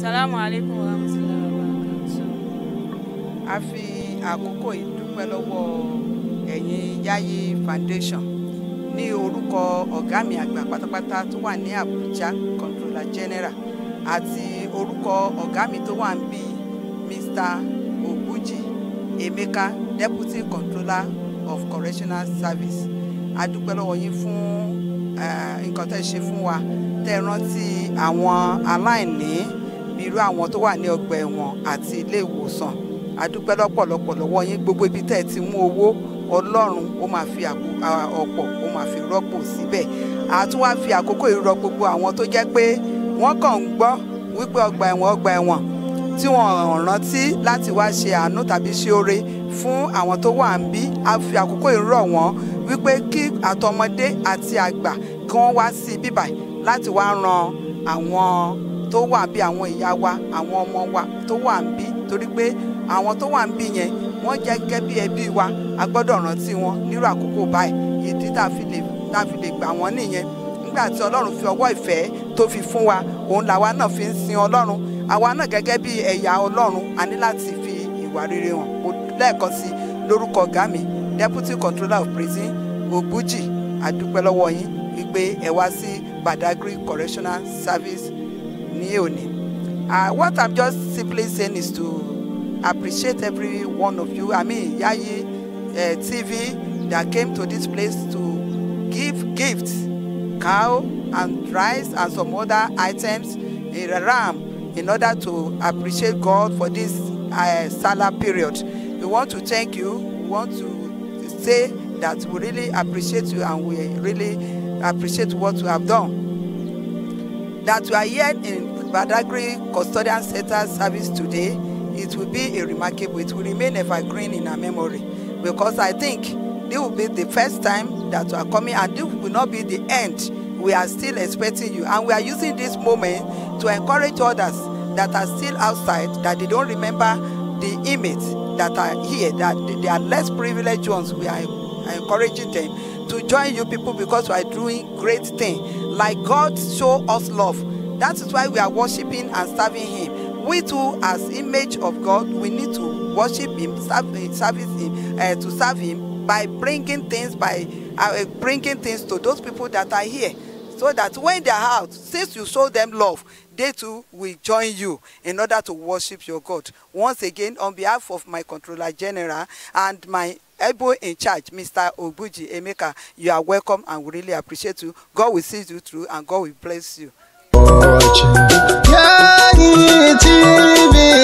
salamu aleykum wa rahmatulahi wa barakatuh. a fi àkókò yìí dúpẹ́ lọ́wọ́ ẹ̀yin Yaye Foundation ní orúkọ ọ̀gá mi àgbà pátápátá tó wà ní Àbújá Controller General àti orúkọ ọ̀gá mi tó wà ń bí Mr Obuji Emeka Deputy Controller of Correctional Service a dúpẹ́ lọ́wọ́ yín fún eh, nǹkan tẹ́ ṣe fún wa tẹ́ rántí àwọn aláìní bí irú àwọn tó wà ní ọgbà ẹ̀wọ̀n àti ilé ìwòsàn adúpẹ́ lọ́pọ̀lọpọ̀ lọ́wọ́ yín gbogbo ibi tẹ́ ẹ ti mú owó ọlọ́run ó máa fi ọ̀pọ̀ ó máa fi rọ́pò síbẹ̀ a tún wá fi àkókò ìrọ gbogbo àwọn tó jẹ́ pé wọ́n kàn ń gbọ́ wípé ọgbà ẹ̀wọ̀n ọgbà ẹ̀wọ̀n tí wọ́n rántí láti wá ṣe àánú tàbí ṣe oore fún àwọn tó wà ń bí a fi àkókò ìrọ̀ wọ́n wípé kí àtọmọdé àti àgbà kí wọ́n wá sí bíbà láti wá ran àwọn tó wà bí àwọn ìyá wa àwọn ọmọ wa tó wà ń bí torí pé àwọn tó wà ń bí yẹn wọ́n jẹ́ gẹ́gẹ́ bí ẹbí wa a gbọ́dọ̀ rántí wọn nírú àkókò báyìí ìdí tá a fi lè gbà wọ́n nìyẹn nígbà tí ọlọ́run fi ọwọ́ ìfẹ́ tó fi fún wa òun làwa náà fi ń sin ọlọ́run àwa náà gẹ́gẹ́ bí ẹ̀yà ọlọ́run a ní láti fi ìwà rere hàn mo lẹ́ẹ̀kan sí lórúkọ ọ̀gá deputy controller of prison Ògújì a yín wípé ẹ wá sí Badagry correctional service Uh, what I'm just simply saying is to appreciate every one of you. I mean, Yayi uh, eh, TV that came to this place to give gifts, cow and rice and some other items, a ram, in order to appreciate God for this uh, eh, Salah period. We want to thank you. We want to say that we really appreciate you and we really appreciate what you have done. that we are here in Badagry Custodian Center service today, it will be a remarkable, it will remain evergreen in our memory because I think this will be the first time that we are coming and this will not be the end. We are still expecting you and we are using this moment to encourage others that are still outside that they don't remember the image that are here, that they are less privileged ones. We are encouraging them to join you people because we are doing great things. Like God show us love. That is why we are worshiping and serving Him. We too, as image of God, we need to worship Him, serve, Him, uh, to serve Him by bringing things by uh, uh, bringing things to those people that are here, so that when they are out, since you show them love, they too will join you in order to worship your God. Once again, on behalf of my controller general and my boy in charge, Mr. Obuji Emeka. You are welcome and we really appreciate you. God will see you through and God will bless you. Yeah,